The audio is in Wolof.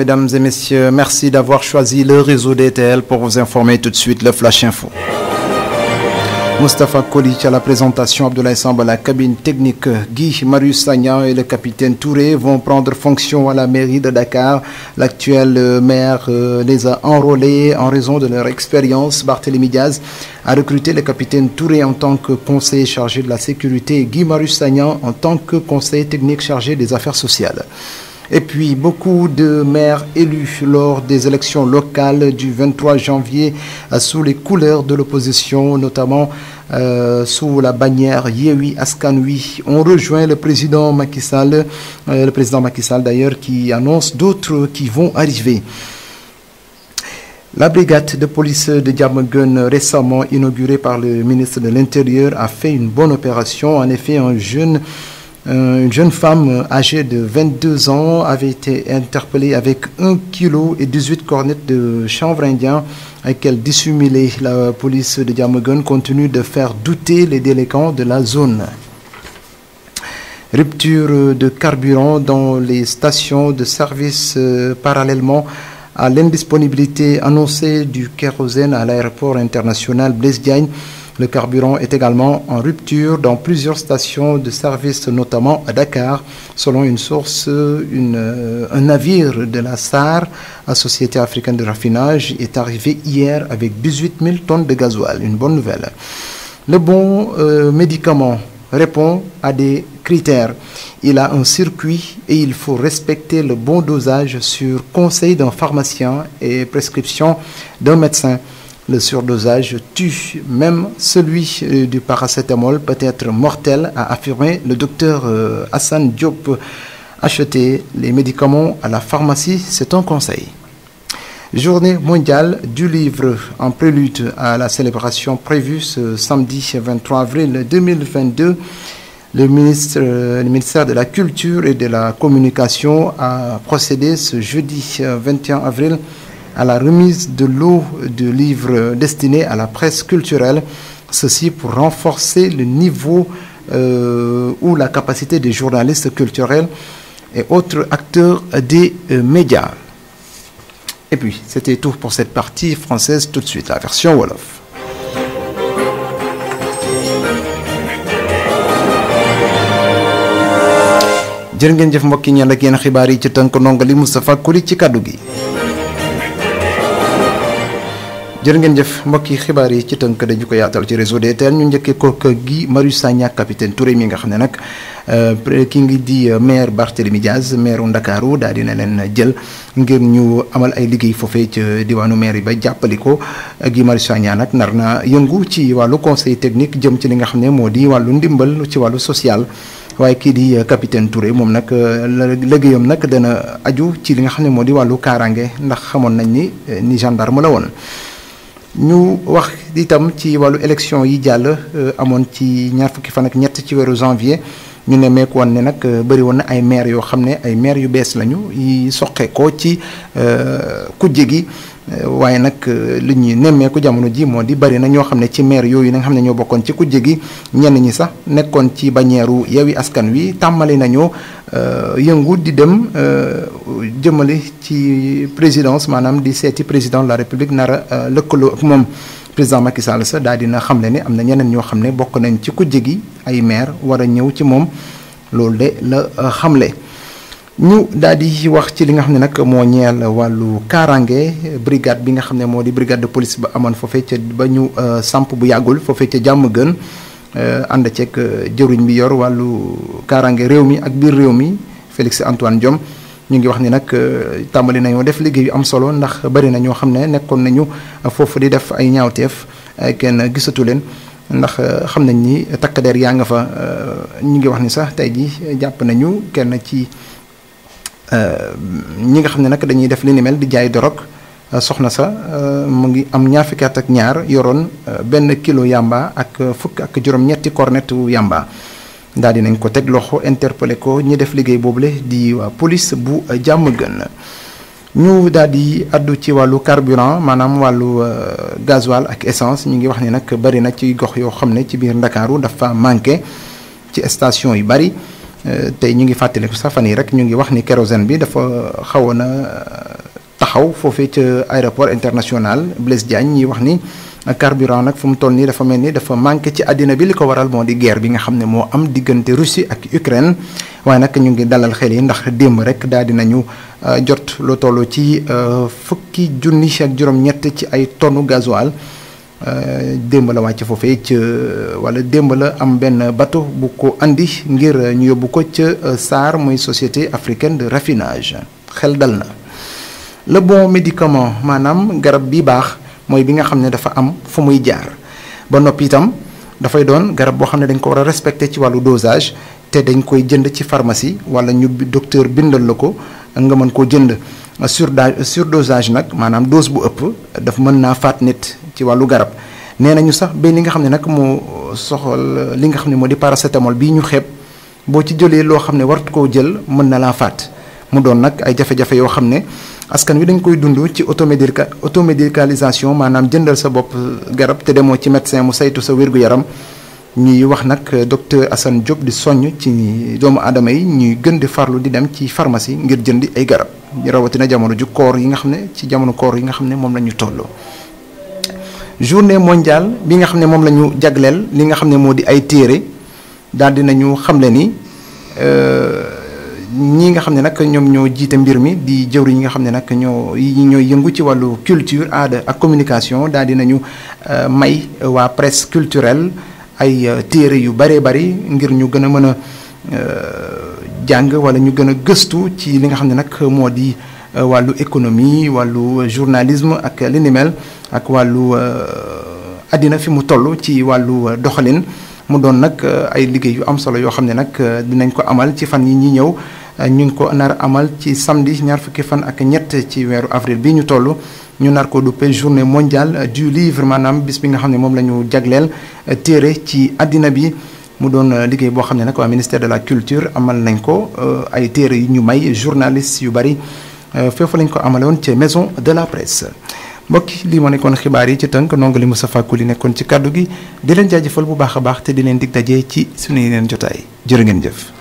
mesdames et messieurs. Merci d'avoir choisi le réseau DTL pour vous informer tout de suite le Flash Info. Mustapha Kolic à la présentation, Abdoulaye Samba à la cabine technique. Guy Marius Sagnan et le capitaine Touré vont prendre fonction à la mairie de Dakar. L'actuel maire euh, les a enrôlés en raison de leur expérience. Barthélémy Diaz a recruté le capitaine Touré en tant que conseiller chargé de la sécurité et Guy Marius Sagnan en tant que conseiller technique chargé des affaires sociales. Et puis, beaucoup de maires élus lors des élections locales du 23 janvier euh, sous les couleurs de l'opposition, notamment euh, sous la bannière Yewi Askanui. ont rejoint le président Macky Sall, euh, le président Macky Sall d'ailleurs, qui annonce d'autres qui vont arriver. La brigade de police de Diamagun, récemment inaugurée par le ministre de l'Intérieur, a fait une bonne opération. En effet, un jeune euh, une jeune femme euh, âgée de 22 ans avait été interpellée avec 1 kg et 18 cornettes de chanvre indien qu'elle dissimulait. La police de Diamogon continue de faire douter les délinquants de la zone. Rupture de carburant dans les stations de service euh, parallèlement à l'indisponibilité annoncée du kérosène à l'aéroport international Blaise Diagne. Le carburant est également en rupture dans plusieurs stations de service, notamment à Dakar, selon une source, euh, un navire de la SAR, la Société africaine de raffinage, est arrivé hier avec 18 000 tonnes de gasoil. Une bonne nouvelle. Le bon euh, médicament répond à des critères. Il a un circuit et il faut respecter le bon dosage sur conseil d'un pharmacien et prescription d'un médecin. Le surdosage tue même celui euh, du paracétamol peut être mortel, a affirmé le docteur euh, Hassan Diop. Acheter les médicaments à la pharmacie, c'est un conseil. Journée mondiale du livre en prélude à la célébration prévue ce samedi 23 avril 2022. Le, ministre, le ministère de la Culture et de la Communication a procédé ce jeudi 21 avril à la remise de l'eau de livres destinés à la presse culturelle, ceci pour renforcer le niveau euh, ou la capacité des journalistes culturels et autres acteurs des euh, médias. Et puis, c'était tout pour cette partie française tout de suite, la version Wolof. jël ngeen jëf mbokki xibaar yi ci tënk dañu ko yaatal ci réseau de DTN ñu njëkkee ko Guy Marius Sagna capitaine Touré mi nga xam ne nag euh, ki ngi di maire Barthélemy Diaz maire Ndakaaru daal dina leen jël ngir ñu amal ay liggéey foofee ca diwaanu maire yi ba jàppali ko Guy Marius Sagna nag nar na yëngu ci wàllu conseil technique jëm ci li nga xam ne moo di wàllu ndimbal ci wàllu social waaye kii di euh, capitaine Touré moom nag euh, liggéeyam nag dana aju ci li nga xam ne moo di wàllu kaaraange ndax xamoon nañ ni ni gendarme la woon ñu wax itam ci wàllu élection yi jàll euh, amoon ci ñaar fukki fan ak ñett ci weeru janvier ñu ne meek woon ne nag euh, bëri woon na ay maire yoo xam ne ay maire yu bees lañu yi soqe ko ci euh, kujje gi. waaye nag euh, li ñuy nemmeeku jamono ji moo di bari na ñoo xam ne ci maire yooyu nga xam ne ñoo bokkoon ci kujje gi ñenn ñi sax nekkoon ci bañeeru Yewwi Askan Wi tàmmali nañoo euh, yëngu di dem euh, jëmale ci présidence maanaam di seeti président de la république nara lëkkaloo ak moom président Macky Sall sa dina xam ne ne am na ñeneen ñoo xam ne bokk nañ ci kujje gi ay maire war a ñëw ci moom loolu de la xamle. ñu daal di wax ci li nga xam ne nag moo ñeel wàllu kaaraange brigade bi nga xam ne moo di brigade de police ba amoon foofee ca ba ñu euh, samp bu yàggul foofee ca jàmm gën euh, ànd ceeg euh, jëruñ bi yor wàllu kaaraange réew mi ak biir réew mi Félix Antoine Diome ñu ngi wax ni nag tàmbali nañoo def liggéey yu am solo ndax bari na ñoo xam ne nekkoon nañu foofu di def ay ñaawteef kenn gisatu leen ndax xam nañ ni takk yaa nga fa ñu ngi wax ni sax tey ji jàpp nañu kenn ci. ñi nga xam ne nag dañuy def li di jaay dorog euh, soxna sa euh, mu ngi am ñaar fukki ak ñaar yoroon euh, benn kilo yamba ak fukk ak juróom-ñetti cornet yamba daal nañ ko teg loxo interpellé ko ñi def liggéey boobule di waa police bu jàmm gën ñu daal di addu ci wàllu carburant maanaam wàllu gasoil ak essence ñu ngi wax ni nag bari na ci gox yoo xam ne ci biir Ndakaaru dafa manqué ci station yu bari Euh, tey ñu ngi fàttaliku sax fan yi rek ñu ngi wax ni kérosène bi dafa xawoon a euh, taxaw foofee ca aéroport international Blaise Diagne ñuy wax ni carburant nag fu mu toll nii dafa mel ni dafa manqué ci àddina bi li ko waral moo di guerre bi nga xam ne moo am diggante Russie ak Ukraine waaye nag ñu ngi dalal xel yi ndax démb rek daal dinañu euh, jot lu toll ci fukki junni ak juróom-ñett ci ay tonu gasoil Euh, démb la wàcc foofee euh, ca wala démb la am benn bateau bu ko indi ngir ñu yóbbu ko ca euh, SAR muy société africaine de raffinage xel dal na le bon médicament maanaam garab bi baax mooy bi nga xam ne dafa am fu muy jaar ba noppi itam dafay doon garab boo xam ne dañ ko war a respecté ci wàllu dosage te dañ koy jënd ci pharmacie wala ñu docteur bindal la ko nga mën koo jënd sur dosage nag maanaam dose bu ëpp dafa mën naa faat nit ci walu garab nenañu sax ba li nga xamne nak mo soxol li nga xamne ne di paracétamol bii ñu xeb bo ci jëlee lo xamne ne ko jël mën na la fat mu doon nak ay jafe-jafe yo xamne askan wi dañ koy dundu ci automédica automédicalisation manam jëndal sa bop garab te demo ci médecin mu saytu sa wirgu yaram ñi wax nak docteur Assane Diop di soññ ci doomu adama yi ñuy gën di farlu di dem ci pharmacie ngir jëndi ay garab na jamono ju koor yi nga xamne ci jamono koor yi nga xamne mom lañu journée mondiale bi nga xam ne moom la ñu jagleel li nga xam ne moo di ay téere daal di nañu xamle ni euh, ñi nga xam ne nag ñoom ñoo jiite mbir mi di jëwri ñi nga xam ne nag ñoo ñooy yëngu ci wàllu culture aada ak communication daal di nañu euh, may waa presse culturelle ay euh, téere yu bëree bëri ngir ñu gën a mën a jàng wala ñu gën a gëstu ci li nga xam ne nag moo di. Euh, walou économie walou journalisme ak li ni mel ak wàllu euh, àddina fi mu tollu ci euh, doxalin mu ay yu am solo dinañ ko amal ci fan yi ñi ñew ñu ko nar amal ci samedi ñaar fukki fan ak ñett ci avril bi ñu tollu ñu nar ko journée mondiale du livre manam bis bi nga xamne mom lañu la téré ci bi mu doon liggéey boo xam ministère de la culture amal nañ ko ay téere yi ñu may journaliste yu bari Euh, foofu lañ ko amaloon ci maison de la presse mbokki lii moo nekkoon xibaar yi ci tënk nongali Moustapha Coly nekkoon ci kàddu gi di leen jaajëfal bu baax a baax te di leen di daje ci suñu yeneen jotaay jërë ngeen jëf